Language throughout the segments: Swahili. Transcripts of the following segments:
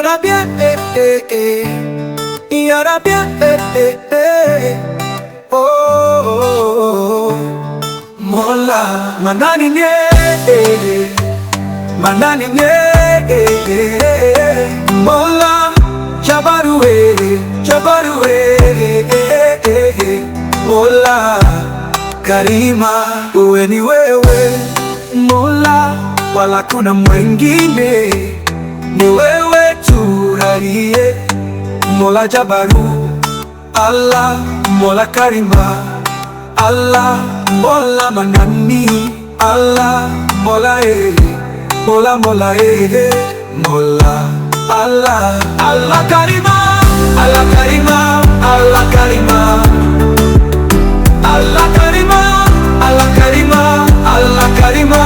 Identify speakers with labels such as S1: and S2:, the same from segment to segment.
S1: ahora bien, eh, eh, eh. y ahora bien, eh, eh, eh. Oh, oh, oh. oh, Mola manani eh. nie, eh, eh. manani nie, eh, eh. eh. Mola jabaru eh, jabaru eh, eh, eh. Mola karima uwe ni wewe Mola, wala kuna mwengine ni wewe Kariye Mola Jabaru Allah Mola Karima Allah Mola Manani Allah Mola Ehe Mola Mola Ehe Mola Allah Allah Karima Allah Karima Allah Karima Allah Karima Allah Karima Allah Karima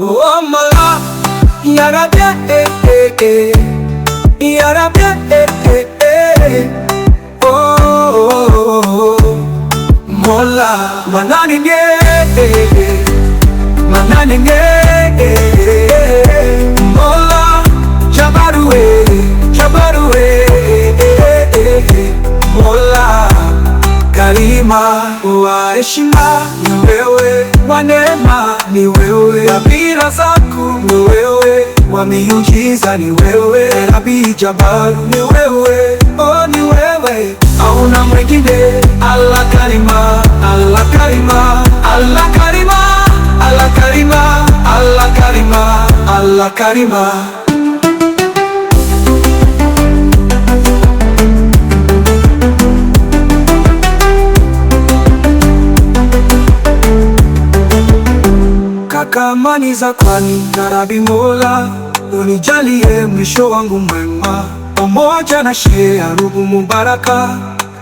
S1: Oh Mola Ya Rabbi eh, ya Rabbi eh, eh, eh. Oh, oh, oh, oh. Mola manani nge eh, eh, eh. manani nge eh. eh uzima wa heshima ni wewe, wa neema ni wewe, tabira zako ni wewe, wa miujiza ni wewe, Rabi Jabaru ni wewe, oh, ni wewe, hauna mwingine. Allah Karima, Allah Karima, Allah Karima, Allah Karima, Allah Karima, Allah Karima kama ni za kwani. na Rabi Mola, unijalie mwisho wangu mwema, pamoja na Shehe Rubu Mubaraka,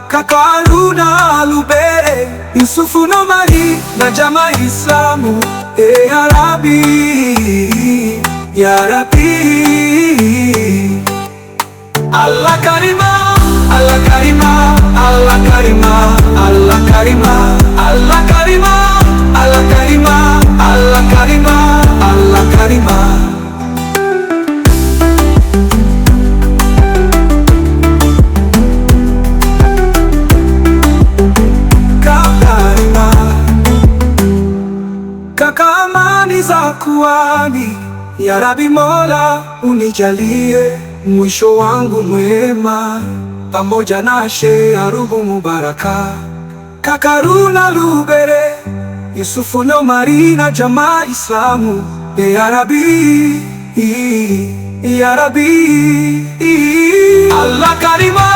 S1: kaka Haruna Alubere, Yusufu Nomari na jamaa Islamu. E ya Rabi, ya Rabbi, Allah karima, Allah karima, Allah karima, Allah karima, Allah karima Ya Rabbi Mola, unijalie mwisho wangu mwema, pamoja na Sheikh Arubu Mubaraka, Kakaruna Lubere, Yusufu Nomari na jamaa Islamu. E ya Rabbi, e, e Ya Rabbi, Allah Karima,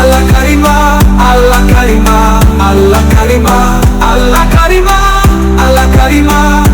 S1: Allah Karima, Allah Karima, Allah Karima, Allah Karima, Allah Karima, Allah Karima